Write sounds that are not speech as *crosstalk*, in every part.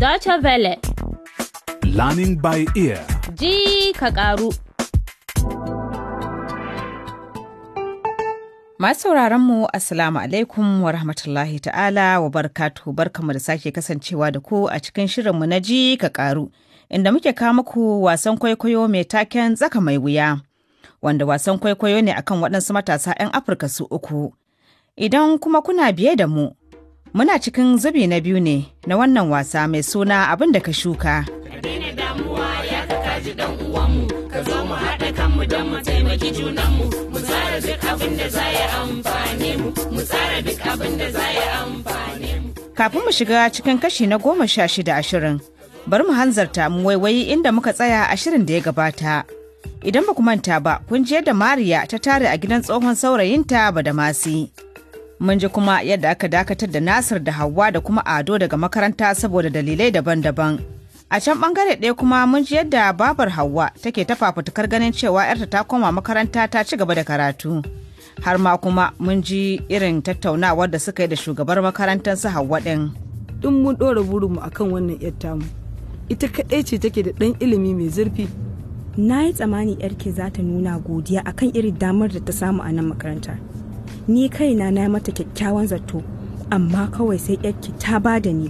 Dacha Vele. Learning by ear. Ji ka karu. Masu sauraron mu Assalamu alaikum wa rahmatullahi ta'ala wa barkatu barkamu da sake kasancewa da ku a cikin shirinmu na ji ka karu Inda muke kawo muku wasan kwaikwayo mai taken tsaka mai wuya. Wanda wasan kwaikwayo ne akan waɗansu matasa 'yan Afirka su uku. Idan kuma kuna biye da mu, Muna cikin zubi na biyu ne na wannan wasa mai suna abin da ka shuka. damuwa ya kaji ka mu Kafin mu shiga cikin kashi na goma sha shida ashirin, bari mu hanzarta mu waiwayi inda muka tsaya ashirin da ya gabata. Idan ba ku manta ba, kun je da Mariya ta tare a gidan tsohon saurayinta ba da masi. mun ji kuma yadda aka dakatar da nasir da hawa da kuma ado daga makaranta saboda dalilai daban-daban a can bangare ɗaya kuma mun ji yadda babar hawa take ta fafutukar ganin cewa yarta ta koma makaranta ta ci gaba da karatu har ma kuma mun ji irin tattaunawar da suka yi da shugabar makarantar su hawa ɗin duk mun ɗora burinmu akan wannan yar tamu ita kaɗai ce take da ɗan ilimi mai zurfi na yi tsammani yarke za ta nuna godiya akan irin damar da ta samu a nan makaranta. ni kaina na mata kyakkyawan zato amma kawai sai yarki ta ba da ni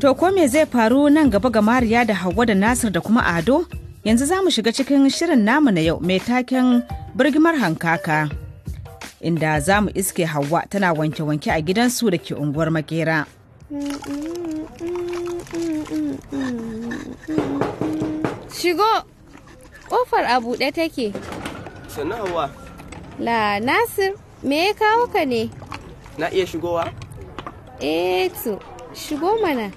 to ko me zai faru nan gaba ga mariya da hawa da nasir da kuma ado yanzu za mu shiga cikin shirin namu na yau mai taken birgimar hankaka inda za mu iske hawa tana wanke-wanke a gidansu da ke unguwar makera shigo ƙofar a buɗe take sannan hawa la nasir Me ya kawo ka ne? Na iya shigowa? Eh to, shigo mana.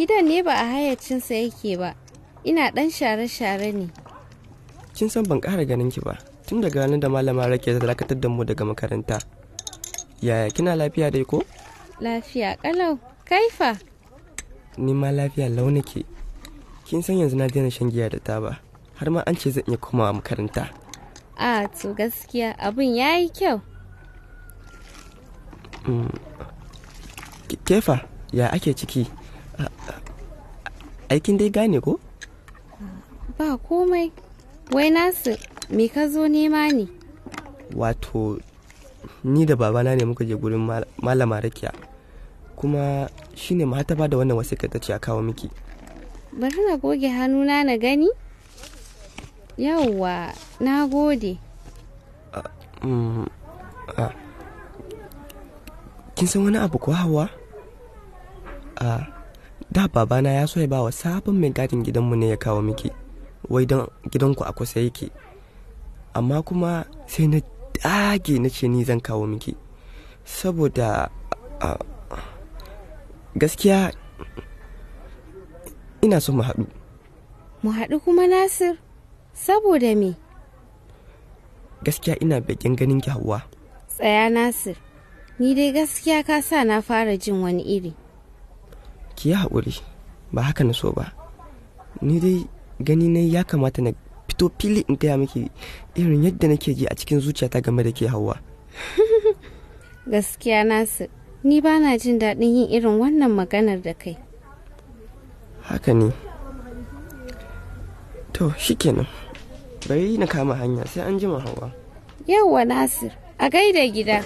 Gidan ne ba a hayyacinsa yake ba. Ina dan share-share ne. Kin san ban ƙara ganin ki ba. Tun daga ranar da malama rake ta dakatar da mu daga makaranta. Yaya kina lafiya dai ko? Lafiya kalau Kaifa? Ni ma lafiya lau Kin san yanzu na daina shan giya da taba. Har ma an ce zan iya komawa makaranta. A to gaskiya abin yayi kyau. kefa ya ake ciki aikin dai gane ko? ba komai wai nasu me ka zo nema ne wato ni da babana ne muka je gurin malama rakiya kuma shi ne ma ba da wannan wasiƙa ta ce a kawo miki bari na goge hannuna na gani yawwa na gode mm, uh. kin san wani abu ko hawa a da babana ya so ya ba wa sabon mai gadin gidanmu ne ya kawo miki wai don gidanku a kusa yake amma kuma sai na dage na ce ni zan kawo miki saboda gaskiya ina so mu haɗu mu haɗu kuma nasir saboda me gaskiya ina bakin ganin ki hawa tsaya nasir ni dai gaskiya ka sa na fara jin wani iri ki yi haƙuri ba haka na so ba ni dai gani na ya kamata na fito fili in gaya miki irin yadda nake ji a cikin zuciyata game da ke hawa *laughs* gaskiya nasu ni ba na jin daɗin yin irin wannan maganar da kai haka ne to shikenan bari na kama hanya sai an jima hawa yawwa nasir a gaida gida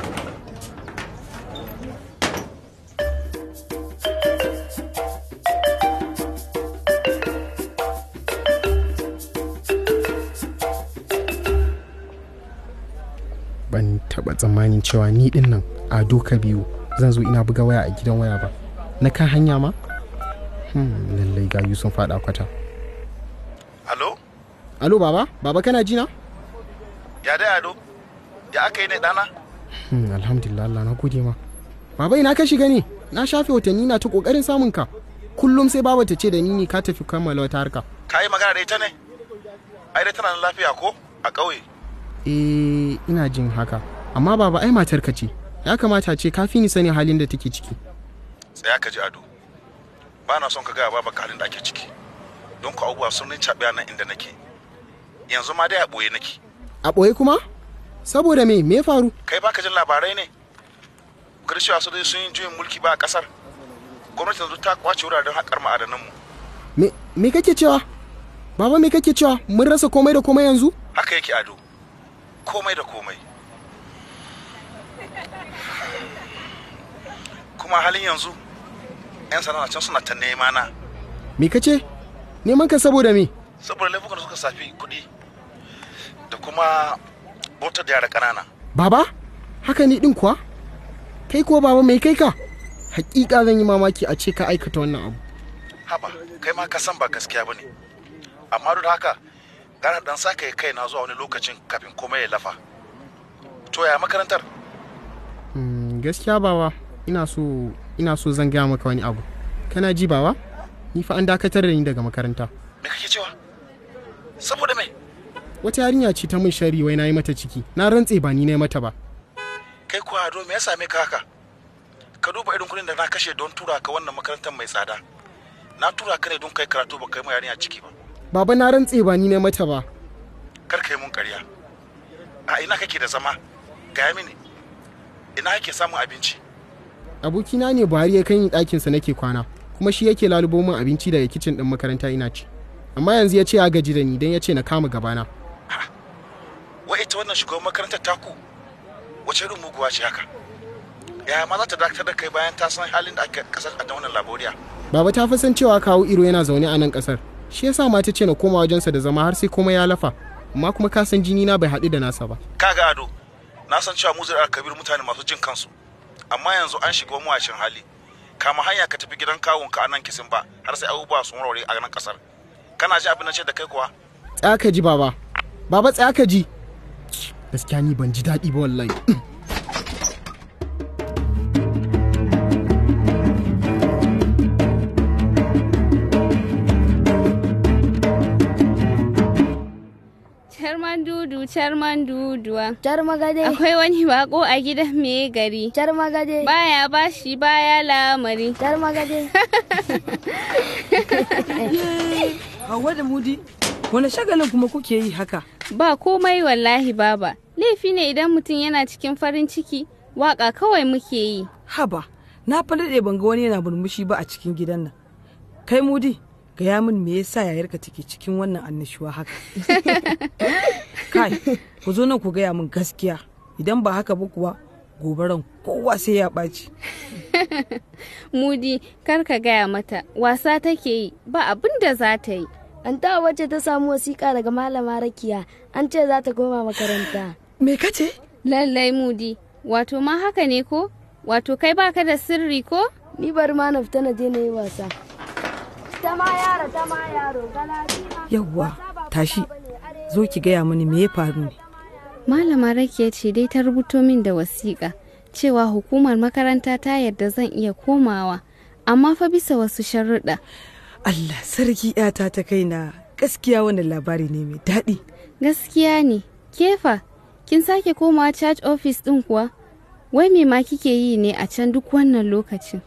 ban taba tsammanin cewa ni din nan a doka biyu zan zo ina buga waya a gidan waya ba na kan hanya ma hmm, lallai ga sun fada kwata alo alo baba baba kana jina ya dai alo ya aka yi ne dana hmm, alhamdulillah Allah na gode ma baba ina ka shiga ne na shafe watanni na ta kokarin samun ka kullum sai baba ta ce da ni ne ka tafi kammala wata harka ka yi magana da ita ne ai dai tana lafiya ko a ƙauye eh ina jin haka amma baba ai matar ka ce ya kamata ce kafi ni sani halin da take ciki tsaya ka ji ado ba na son ka gaya baba halin da ake ciki don ku abubuwa sun rin caɓe nan inda nake yanzu ma dai a ɓoye nake a ɓoye kuma saboda me me faru kai baka jin labarai ne wasu dai sun yi juyin mulki ba a ƙasar gwamnati yanzu ta kwace wuraren haƙar ma'adananmu me me kake cewa baba me kake cewa mun rasa komai da komai yanzu haka yake ado komai da komai kuma halin yanzu 'yan sana'a can suna ta nema na me kace neman ka saboda me saboda laifukan suka safi kuɗi da kuma bautar da yara kanana baba haka ni din kuwa kai kuwa baba mai kai ka hakika zan yi mamaki a ce ka aikata wannan abu haba kai ma ka san ba gaskiya bane amma duk haka gana dan sa kai kai na zuwa wani lokacin kafin komai ya lafa to ya makarantar mm, gaskiya bawa ina so ina so zan gaya maka wani abu kana ji bawa ni fa an dakatar da ni daga makaranta me kake cewa saboda me wata yarinya ce ta min shari wai nayi mata ciki na rantse ba ni na mata ba kai kuwa ado me ya same ka haka ka duba irin kudin da na kashe don tura ka wannan makarantar mai tsada na tura ka ne don kai karatu ba kai mai yarinya ciki ba baba na rantse ba ni na mata ba kar kai mun karya a ina kake da zama gaya mini ina kake samun abinci abokina ne buhari ya kan yi ɗakinsa nake kwana kuma shi yake lalubo min abinci daga kicin ɗin makaranta ina ci amma yanzu ya ce ya gaji da ni don ya ce na kama gabana Wa ita wannan shugaban makarantar taku wace irin muguwa ce haka yaya ma za ta dakatar da kai bayan ta san halin da ake kasar a wannan laboriya baba ta fi san cewa kawo iro yana zaune a nan kasar shi yasa ma ta ce na koma wajensa da zama har sai kuma ya lafa amma kuma ka san jini na bai haɗu da nasa ba kaga ado na san cewa muzir kabir mutane masu jin kansu amma yanzu an shiga mawacin hali kama hanya ka tafi gidan kawun ka anan kisin ba har sai abubuwa sun warware a nan kasar kana ji abin na ce da kai kuwa tsaka ji baba baba tsaka ji gaskiya ni ban ji daɗi ba wallahi *clears throat* Charman duduwa. Charmagade. Akwai wani bako a gidan mai gari. Charmagade. Baya bashi baya lamari. Charmagade. *laughs* Hauwa da mudi, wani shagalin kuma kuke yi haka? Ba komai wallahi baba. Laifi ne idan mutum yana cikin farin ciki, waka kawai muke yi. Haba, na fa ban ga wani yana murmushi ba a cikin gidan nan. Kai mudi, gaya min me yasa yayarka take cikin wannan annashuwa haka *laughs* kai ku zo nan ku gaya min gaskiya idan ba haka ba kuwa gobaran kowa sai ya ɓaci *laughs* mudi kar ka gaya mata wasa take yi ba abin da za ta yi an ta wacce ta samu wasiƙa daga malama rakiya an ce za ta koma makaranta me kace lallai mudi wato ma haka ne ko wato kai baka da sirri ko ni bari ma na fita na je na yi wasa Yawwa, tashi, zo ki gaya mani me ya faru ne. Malama ya ce dai ta rubuto min da wasiƙa cewa hukumar makaranta ta yarda zan iya komawa, amma fa bisa wasu sharuɗa. Allah sarki ‘yata ta kaina gaskiya wannan labari ne mai daɗi. Gaskiya ne, kefa, kin sake komawa church office ɗin kuwa? Wai me ma kike yi ne a can duk wannan lokacin?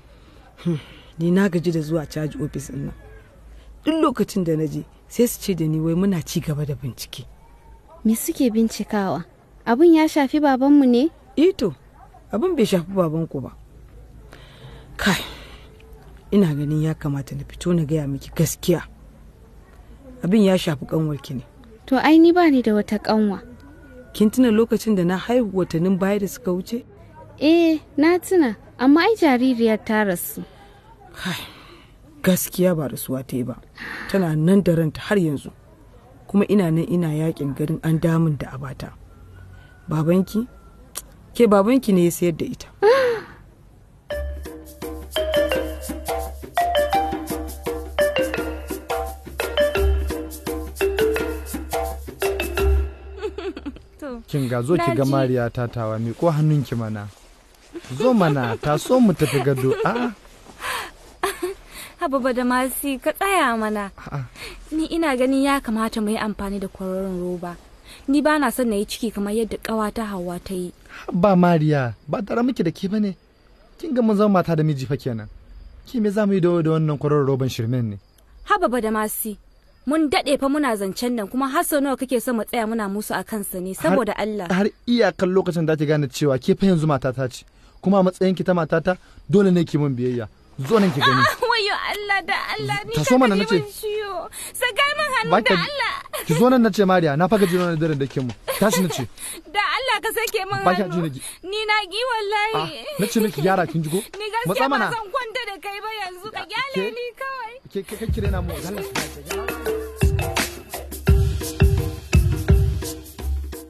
Hmm. ni na gaji da zuwa caji ofis din nan duk lokacin da na je sai su ce da ni wai muna ci gaba da bincike me suke bincikawa abun ya shafi babanmu ne ito eh abun bai shafi babanku ba kai ina ganin ya kamata na fito na gaya miki gaskiya abin ya shafi kanwarki ne to ai ni ba ni da wata kanwa kin tuna lokacin da na haihu watannin baya da suka wuce eh na tuna amma ai jaririyar ta rasu gaskiya ba rasuwa ta yi ba tana nan da ranta har yanzu kuma ina nan ina yakin garin an damun da abata babanki ke babanki ne ya sayar da ita *laughs* kin ga zo ki ga mariya tatawa mi ko hannunki mana zo mana ta so mu tafi gado a'a ah. hababa da masi ka tsaya mana. Ni ina ganin ya kamata mu yi amfani da kwaroron roba. Ni ba na son na yi ciki kamar yadda ƙawata hawa ta yi. Ba Mariya, ba tara miki da ke ba ne. Kin ga mun zama mata da miji fa kenan. Ki me za mu yi da wannan kwaroron roban shirmen ne? hababa da masi. Mun daɗe fa muna zancen nan kuma har sau nawa kake so mu tsaya muna musu a kansa ne saboda Allah. Har iyakan lokacin da ake gane cewa ke fa yanzu matata ce. kuma matsayin ki ta matata dole ne ki mun biyayya zo nan ki gani ah, wayo Allah da Allah ni ta so mana nace sakai min hannu da Allah ki zo nan nace maria na faga jino da da kin mu tashi nace *laughs* da Allah ka sake min hannu ni na gi wallahi ah, nace miki yara kin jigo *laughs* ni gaskiya ba zan kwanta da kai ba yanzu ka gyale ni kawai ke ke kire na mu Allah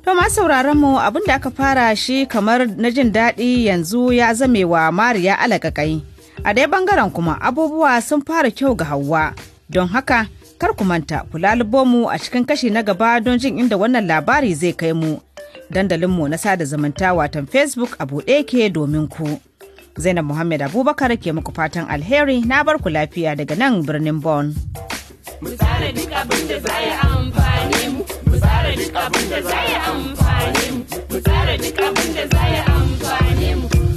To ma sauraron mu abin da aka fara shi kamar na jin daɗi yanzu ya zamewa Mariya alaƙaƙai. A dai bangaren kuma abubuwa sun fara kyau ga Hauwa, don haka kar ku manta ku lalubo mu a cikin kashi na gaba don jin inda wannan labari zai kai mu. Dandalinmu na sada zumunta watan Facebook a buɗe ke domin ku. Zainab Muhammad Abubakar ke muku fatan alheri na bar ku lafiya daga nan birnin Bon. Mu tsara duk abin da za mu, mu.